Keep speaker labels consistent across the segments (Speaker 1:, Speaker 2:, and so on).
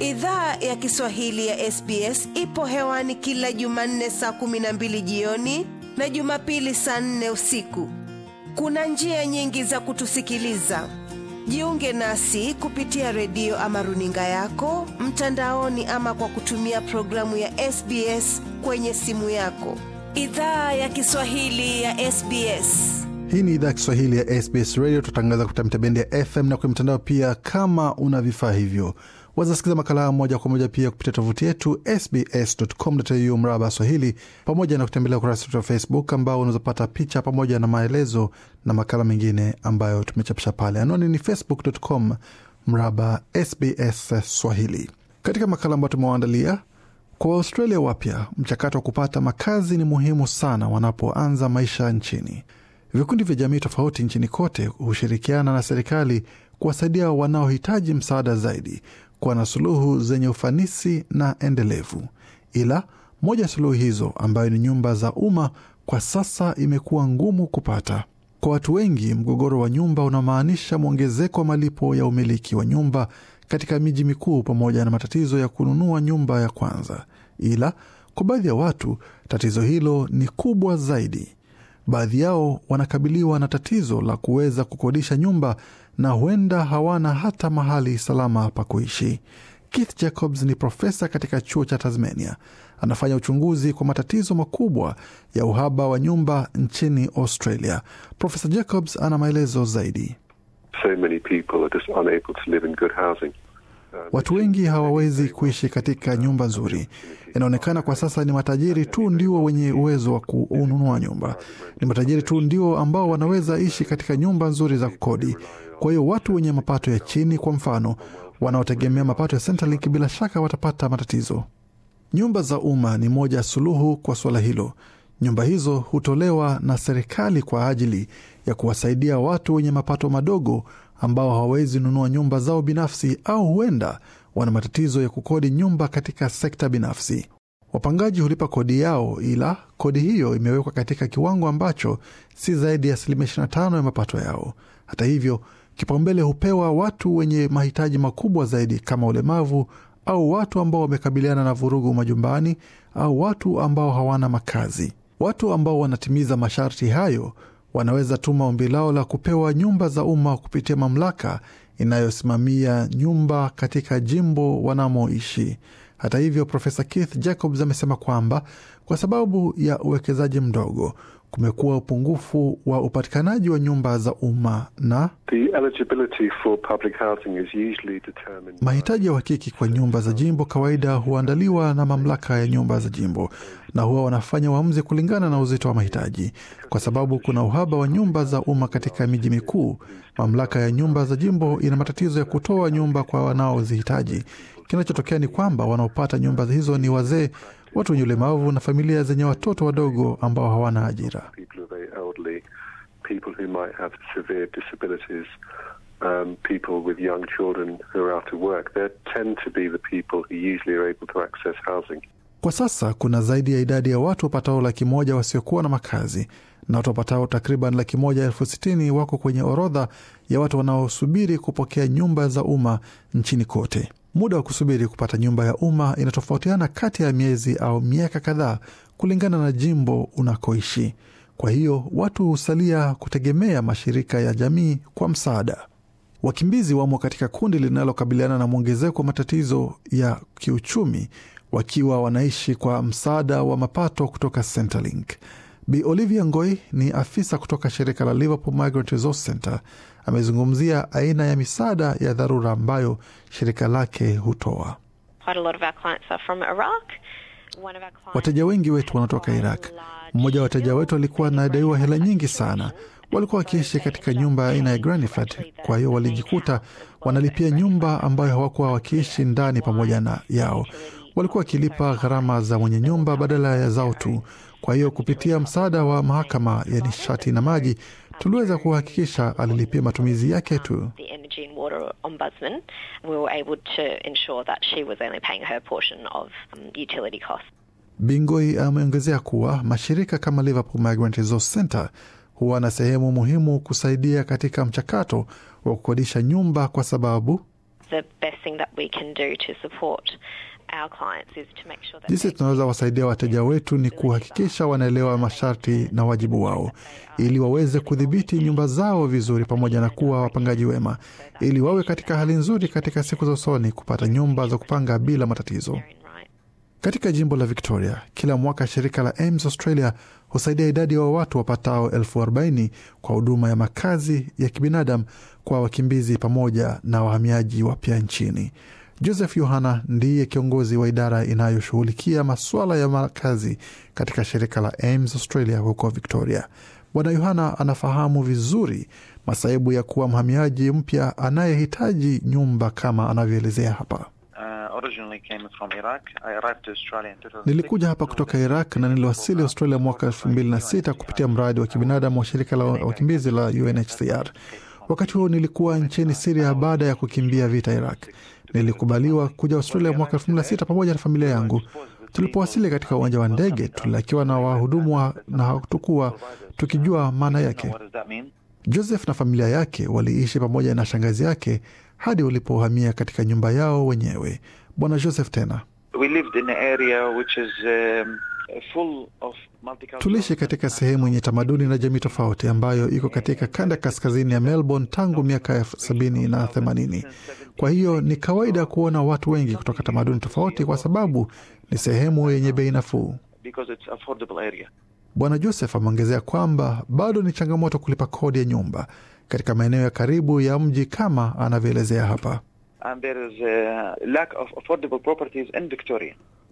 Speaker 1: idhaa ya kiswahili ya sbs ipo hewani kila jumanne saa kumi na mbili jioni na jumapili saa nne usiku kuna njia nyingi za kutusikiliza jiunge nasi kupitia redio ama runinga yako mtandaoni ama kwa kutumia programu ya sbs kwenye simu yako idhaa ya kiswahili ya sbs hii ni idhaa ya kiswahili ya sbs radio tutatangaza kupitia mitabendi ya fm na kwenye mtandao pia kama una vifaa hivyo Wazasikiza makala moja kwa moja pia kupitia tovuti yetu sbs.com.au mraba Swahili, pamoja na kutembelea ukurasa wetu wa Facebook ambao unazopata picha pamoja na maelezo na makala mengine ambayo tumechapisha pale. Anwani ni facebook.com mraba SBS Swahili. Katika makala ambayo tumewaandalia kwa Waustralia wapya, mchakato wa kupata makazi ni muhimu sana wanapoanza maisha nchini. Vikundi vya jamii tofauti nchini kote hushirikiana na serikali kuwasaidia wanaohitaji msaada zaidi kuwa na suluhu zenye ufanisi na endelevu. Ila moja ya suluhu hizo ambayo ni nyumba za umma kwa sasa imekuwa ngumu kupata. Kwa watu wengi, mgogoro wa nyumba unamaanisha mwongezeko wa malipo ya umiliki wa nyumba katika miji mikuu pamoja na matatizo ya kununua nyumba ya kwanza. Ila kwa baadhi ya watu tatizo hilo ni kubwa zaidi. Baadhi yao wanakabiliwa na tatizo la kuweza kukodisha nyumba na huenda hawana hata mahali salama pa kuishi. Keith Jacobs ni profesa katika chuo cha Tasmania. Anafanya uchunguzi kwa matatizo makubwa ya uhaba wa nyumba nchini Australia. Profesa Jacobs ana maelezo zaidi. So many Watu wengi hawawezi kuishi katika nyumba nzuri. Inaonekana kwa sasa ni matajiri tu ndio wenye uwezo wa kununua nyumba, ni matajiri tu ndio ambao wanaweza ishi katika nyumba nzuri za kukodi. Kwa hiyo watu wenye mapato ya chini, kwa mfano, wanaotegemea mapato ya Centrelink, bila shaka watapata matatizo. Nyumba za umma ni moja ya suluhu kwa suala hilo. Nyumba hizo hutolewa na serikali kwa ajili ya kuwasaidia watu wenye mapato madogo ambao hawawezi nunua nyumba zao binafsi au huenda wana matatizo ya kukodi nyumba katika sekta binafsi. Wapangaji hulipa kodi yao, ila kodi hiyo imewekwa katika kiwango ambacho si zaidi ya asilimia 25 ya mapato yao. Hata hivyo, kipaumbele hupewa watu wenye mahitaji makubwa zaidi kama ulemavu au watu ambao wamekabiliana na vurugu majumbani au watu ambao hawana makazi. Watu ambao wanatimiza masharti hayo wanaweza tuma ombi lao la kupewa nyumba za umma kupitia mamlaka inayosimamia nyumba katika jimbo wanamoishi. Hata hivyo, Profesa Keith Jacobs amesema kwamba kwa sababu ya uwekezaji mdogo, kumekuwa upungufu wa upatikanaji wa nyumba za umma na mahitaji ya uhakiki kwa nyumba za jimbo kawaida huandaliwa na mamlaka ya nyumba za jimbo, na huwa wanafanya uamuzi kulingana na uzito wa mahitaji. Kwa sababu kuna uhaba wa nyumba za umma katika miji mikuu, mamlaka ya nyumba za jimbo ina matatizo ya kutoa nyumba kwa wanaozihitaji. Kinachotokea ni kwamba wanaopata nyumba hizo ni wazee watu wenye ulemavu na familia zenye watoto wadogo ambao hawana ajira. Um, Kwa sasa kuna zaidi ya idadi ya watu wapatao laki moja wasiokuwa na makazi na watu wapatao takriban laki moja elfu sitini wako kwenye orodha ya watu wanaosubiri kupokea nyumba za umma nchini kote. Muda wa kusubiri kupata nyumba ya umma inatofautiana kati ya miezi au miaka kadhaa kulingana na jimbo unakoishi. Kwa hiyo watu husalia kutegemea mashirika ya jamii kwa msaada. Wakimbizi wamo katika kundi linalokabiliana na mwongezeko wa matatizo ya kiuchumi, wakiwa wanaishi kwa msaada wa mapato kutoka Centrelink. Bi Olivia Ngoi ni afisa kutoka shirika la Liverpool Migrant Resource Center. Amezungumzia aina ya misaada ya dharura ambayo shirika lake hutoa. Wateja wengi wetu wanatoka Iraq. Mmoja wa wateja wetu alikuwa anadaiwa hela nyingi sana. Walikuwa wakiishi katika nyumba aina ya Granifat, kwa hiyo walijikuta wanalipia nyumba ambayo hawakuwa wakiishi ndani pamoja na yao. Walikuwa wakilipa gharama za mwenye nyumba badala ya zao tu. Kwa hiyo kupitia msaada wa mahakama ya nishati na maji tuliweza kuhakikisha alilipia matumizi yake tu. Um, Bingoi ameongezea kuwa mashirika kama Liverpool Migrant Resource huwa na sehemu muhimu kusaidia katika mchakato wa kukodisha nyumba kwa sababu The best thing that we can do to support Jinsi tunaweza wasaidia wateja wetu ni kuhakikisha wanaelewa masharti na wajibu wao, ili waweze kudhibiti nyumba zao vizuri, pamoja na kuwa wapangaji wema, ili wawe katika hali nzuri katika siku za usoni kupata nyumba za kupanga bila matatizo. Katika jimbo la Victoria, kila mwaka shirika la AMES Australia husaidia idadi ya wa watu wapatao elfu arobaini kwa huduma ya makazi ya kibinadamu kwa wakimbizi pamoja na wahamiaji wapya nchini. Joseph Yohana ndiye kiongozi wa idara inayoshughulikia masuala ya makazi katika shirika la AIMS Australia huko Victoria. Bwana Yohana anafahamu vizuri masaibu ya kuwa mhamiaji mpya anayehitaji nyumba kama anavyoelezea hapa.
Speaker 2: Uh, Nilikuja
Speaker 1: hapa kutoka Iraq na niliwasili Australia mwaka sita kupitia mradi wa kibinadamu wa shirika la wakimbizi la UNHCR. Wakati huo nilikuwa nchini Siria baada ya kukimbia vita Iraq. Nilikubaliwa kuja Australia mwaka elfu mbili na sita pamoja na familia yangu. Tulipowasili katika uwanja wa ndege, tulilakiwa na wahudumu na hatukuwa tukijua maana yake. Joseph na familia yake waliishi pamoja na shangazi yake hadi walipohamia katika nyumba yao wenyewe. Bwana Joseph tena
Speaker 2: We lived in an area which is, um... Tuliishi
Speaker 1: katika sehemu yenye tamaduni na jamii tofauti ambayo iko katika kanda kaskazini ya Melbourne tangu miaka ya sabini na themanini. Kwa hiyo ni kawaida kuona watu wengi kutoka tamaduni tofauti, kwa sababu ni sehemu yenye bei nafuu. Bwana Joseph ameongezea kwamba bado ni changamoto kulipa kodi ya nyumba katika maeneo ya karibu ya mji kama anavyoelezea hapa.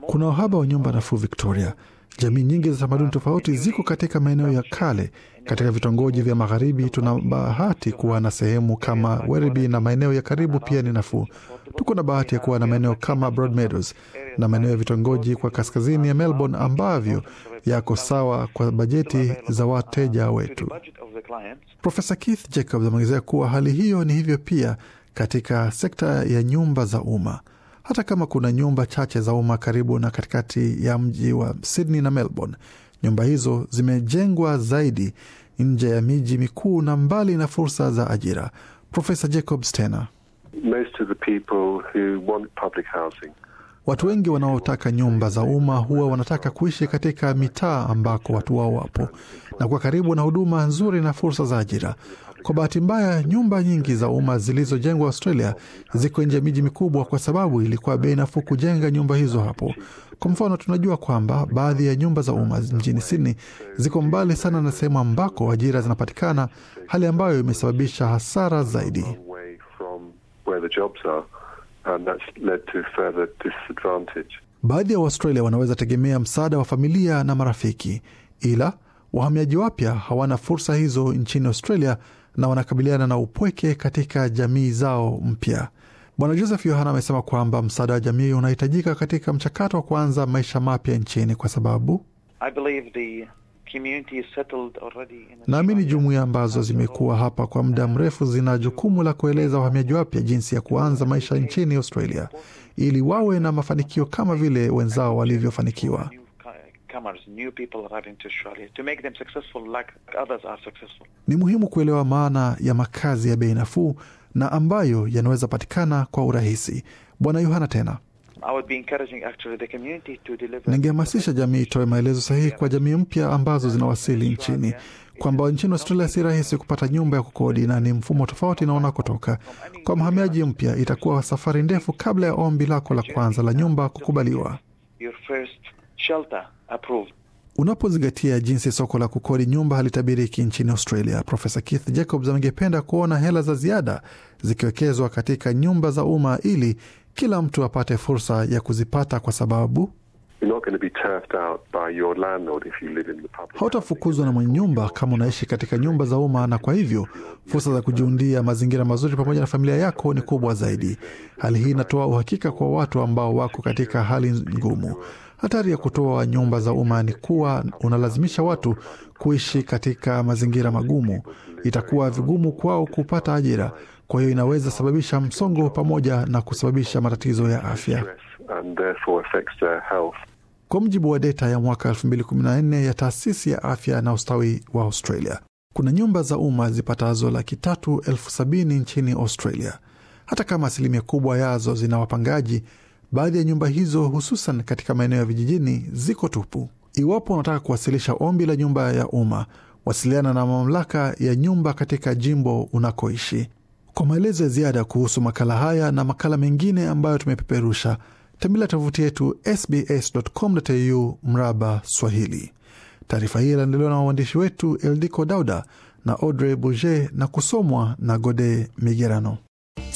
Speaker 1: Kuna uhaba wa nyumba nafuu Victoria. Jamii nyingi za tamaduni tofauti ziko katika maeneo ya kale. Katika vitongoji vya magharibi, tuna bahati kuwa na sehemu kama Werribee na maeneo ya karibu pia ni nafuu. Tuko na bahati ya kuwa na maeneo kama Broadmeadows na maeneo ya vitongoji kwa kaskazini ya Melbourne ambavyo yako sawa kwa bajeti za wateja wetu. Profesa Keith Jacobs ameongezea kuwa hali hiyo ni hivyo pia katika sekta ya nyumba za umma hata kama kuna nyumba chache za umma karibu na katikati ya mji wa Sydney na Melbourne. Nyumba hizo zimejengwa zaidi nje ya miji mikuu na mbali na fursa za ajira. Profesa Jacob Stena:
Speaker 2: Most of the people who want public housing
Speaker 1: Watu wengi wanaotaka nyumba za umma huwa wanataka kuishi katika mitaa ambako watu wao wapo na kwa karibu na huduma nzuri na fursa za ajira. Kwa bahati mbaya, nyumba nyingi za umma zilizojengwa Australia ziko nje ya miji mikubwa, kwa sababu ilikuwa bei nafuu kujenga nyumba hizo hapo. Kwa mfano, tunajua kwamba baadhi ya nyumba za umma mjini Sydney ziko mbali sana na sehemu ambako ajira zinapatikana, hali ambayo imesababisha hasara zaidi
Speaker 2: and that's led to further disadvantage.
Speaker 1: Baadhi ya Waustralia wanaweza tegemea msaada wa familia na marafiki, ila wahamiaji wapya hawana fursa hizo nchini Australia na wanakabiliana na upweke katika jamii zao mpya. Bwana Joseph Yohana amesema kwamba msaada wa jamii unahitajika katika mchakato wa kuanza maisha mapya nchini kwa sababu
Speaker 2: I believe the
Speaker 1: Naamini jumuiya ambazo zimekuwa hapa kwa muda uh, mrefu zina jukumu la kueleza wahamiaji wapya jinsi ya kuanza uh, maisha nchini Australia ili wawe na mafanikio kama vile wenzao walivyofanikiwa. Ni muhimu kuelewa maana ya makazi ya bei nafuu na ambayo yanaweza patikana kwa urahisi. Bwana Yohana tena Ningehamasisha jamii itoe maelezo sahihi kwa jamii mpya ambazo zinawasili nchini kwamba nchini Australia si rahisi kupata nyumba ya kukodi na ni mfumo tofauti na unakotoka. Kwa mhamiaji mpya, itakuwa safari ndefu kabla ya ombi lako la kwanza la nyumba kukubaliwa. Unapozingatia jinsi soko la kukodi nyumba halitabiriki nchini Australia, Profesa Keith Jacobs angependa kuona hela za ziada zikiwekezwa katika nyumba za umma ili kila mtu apate fursa ya kuzipata kwa sababu hautafukuzwa na mwenye nyumba kama unaishi katika nyumba za umma, na kwa hivyo fursa za kujiundia mazingira mazuri pamoja na familia yako ni kubwa zaidi. Hali hii inatoa uhakika kwa watu ambao wako katika hali ngumu. Hatari ya kutoa nyumba za umma ni kuwa unalazimisha watu kuishi katika mazingira magumu. Itakuwa vigumu kwao kupata ajira kwa hiyo inaweza sababisha msongo pamoja na kusababisha matatizo ya afya. Kwa mujibu wa data ya mwaka 2014 ya taasisi ya afya na ustawi wa Australia, kuna nyumba za umma zipatazo laki tatu elfu sabini nchini Australia. Hata kama asilimia kubwa yazo zina wapangaji, baadhi ya nyumba hizo, hususan katika maeneo ya vijijini, ziko tupu. Iwapo unataka kuwasilisha ombi la nyumba ya umma, wasiliana na mamlaka ya nyumba katika jimbo unakoishi. Kwa maelezo ya ziada kuhusu makala haya na makala mengine ambayo tumepeperusha, tembelea tovuti yetu sbs.com.au mraba Swahili. Taarifa hii inaendelewa na waandishi wetu Eldiko Dauda na Audrey Buget na kusomwa na Gode Migerano.